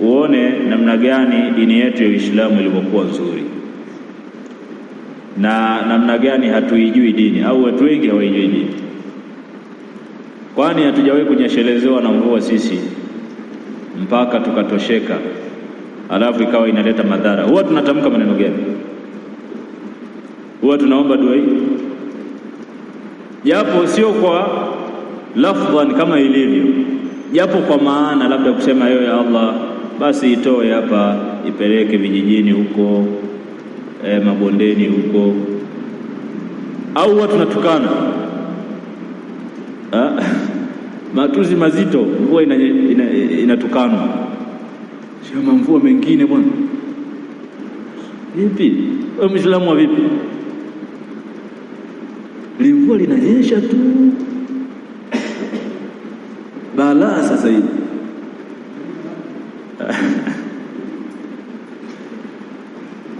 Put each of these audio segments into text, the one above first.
uone namna gani dini yetu ya Uislamu ilivyokuwa nzuri na namna gani hatuijui dini au watu wengi hawaijui dini, kwani hatujawahi kunyeshelezewa na mvua sisi mpaka tukatosheka, alafu ikawa inaleta madhara. Huwa tunatamka maneno gani? Huwa tunaomba dua hii, japo sio kwa lafdhan kama ilivyo, japo kwa maana labda kusema hiyo ya Allah basi itoe hapa ipeleke vijijini huko eh, mabondeni huko, au watu natukana ha? Ah, matuzi mazito, mvua inatukanwa ina, ina sio mvua mengine bwana. Vipi wewe Muislamu wa vipi? Limvua linanyesha tu balaa sasa hivi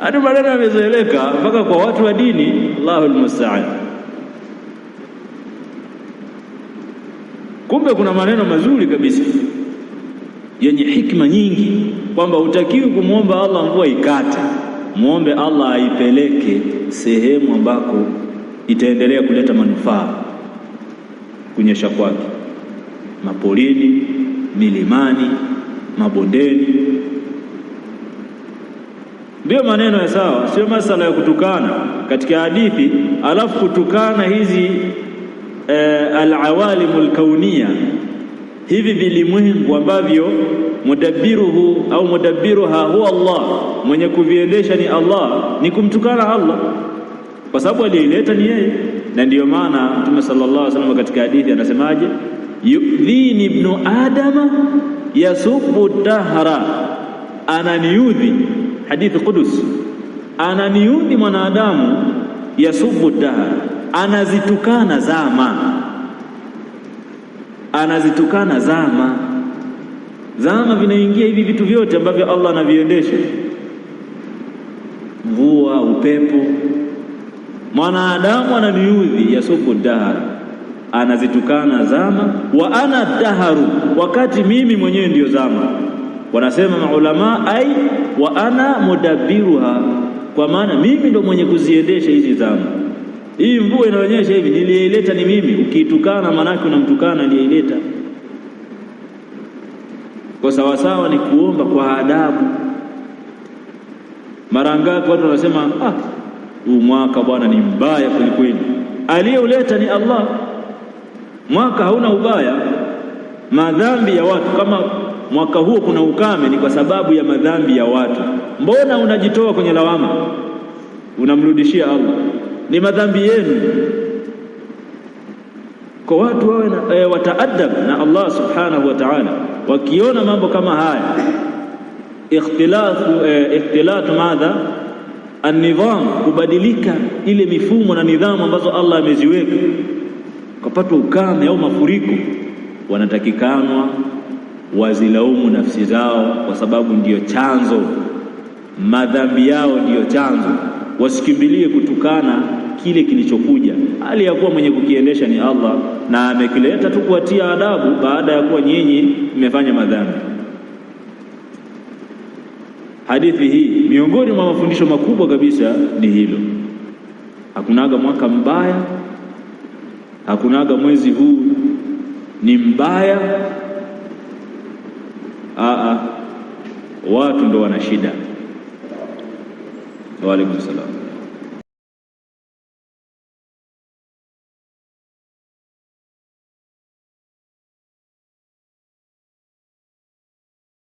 Hata maneno yamezoeleka mpaka kwa watu wa dini. Allahu musta'an. Kumbe kuna maneno mazuri kabisa yenye hikma nyingi, kwamba hutakiwi kumwomba Allah mvua ikate, muombe Allah aipeleke sehemu ambako itaendelea kuleta manufaa kunyesha kwake, mapolini, milimani, mabondeni Ndiyo maneno ya sawa, sio masala ya kutukana katika hadithi. Alafu kutukana hizi e, eh, alawalimu lkaunia hivi vilimwengu ambavyo mudabiruhu au mudabbiruha huwa Allah, mwenye kuviendesha ni Allah, ni kumtukana Allah kwa sababu aliyeileta ni yeye. Na ndiyo maana Mtume sallallahu alaihi wasallam katika hadithi anasemaje? yudhini ibnu adama yasubu dahra, ananiudhi hadithi Qudus, ananiudhi mwanadamu, yasubu dahar, anazitukana zama, anazitukana zama. Zama vinaingia hivi vitu vyote ambavyo Allah anaviendesha, mvua, upepo. Mwanadamu ananiudhi, yasubu dahar, anazitukana zama. Wa ana daharu, wakati mimi mwenyewe ndiyo zama Wanasema maulama ai wa ana mudabiruha, kwa maana mimi ndo mwenye kuziendesha hizi dhambi. Hii mvua inaonyesha hivi, niliyeileta ni mimi. Ukiitukana maanake unamtukana aliyeileta. Kwa sawasawa ni kuomba kwa adabu. Mara ngapi watu wanasema ah, huu mwaka bwana ni mbaya kwelikweli, aliyeuleta ni Allah. Mwaka hauna ubaya, madhambi ya watu kama mwaka huo kuna ukame, ni kwa sababu ya madhambi ya watu. Mbona unajitoa kwenye lawama, unamrudishia Allah? Ni madhambi yenu. Kwa watu wawe na, e, wataadab na Allah subhanahu wa ta'ala, wakiona mambo kama haya ikhtilafu, e, ikhtilatu madha an-nidham, kubadilika ile mifumo na nidhamu ambazo Allah ameziweka, kupata ukame au mafuriko, wanatakikanwa wazilaumu nafsi zao, kwa sababu ndiyo chanzo madhambi yao, ndiyo chanzo. Wasikimbilie kutukana kile kilichokuja, hali ya kuwa mwenye kukiendesha ni Allah, na amekileta tu kuwatia adabu baada ya kuwa nyinyi mmefanya madhambi. Hadithi hii miongoni mwa mafundisho makubwa kabisa ni hilo. Hakunaga mwaka mbaya, hakunaga mwezi huu ni mbaya Aa, watu ndo wana shida. Waalaikum salaam.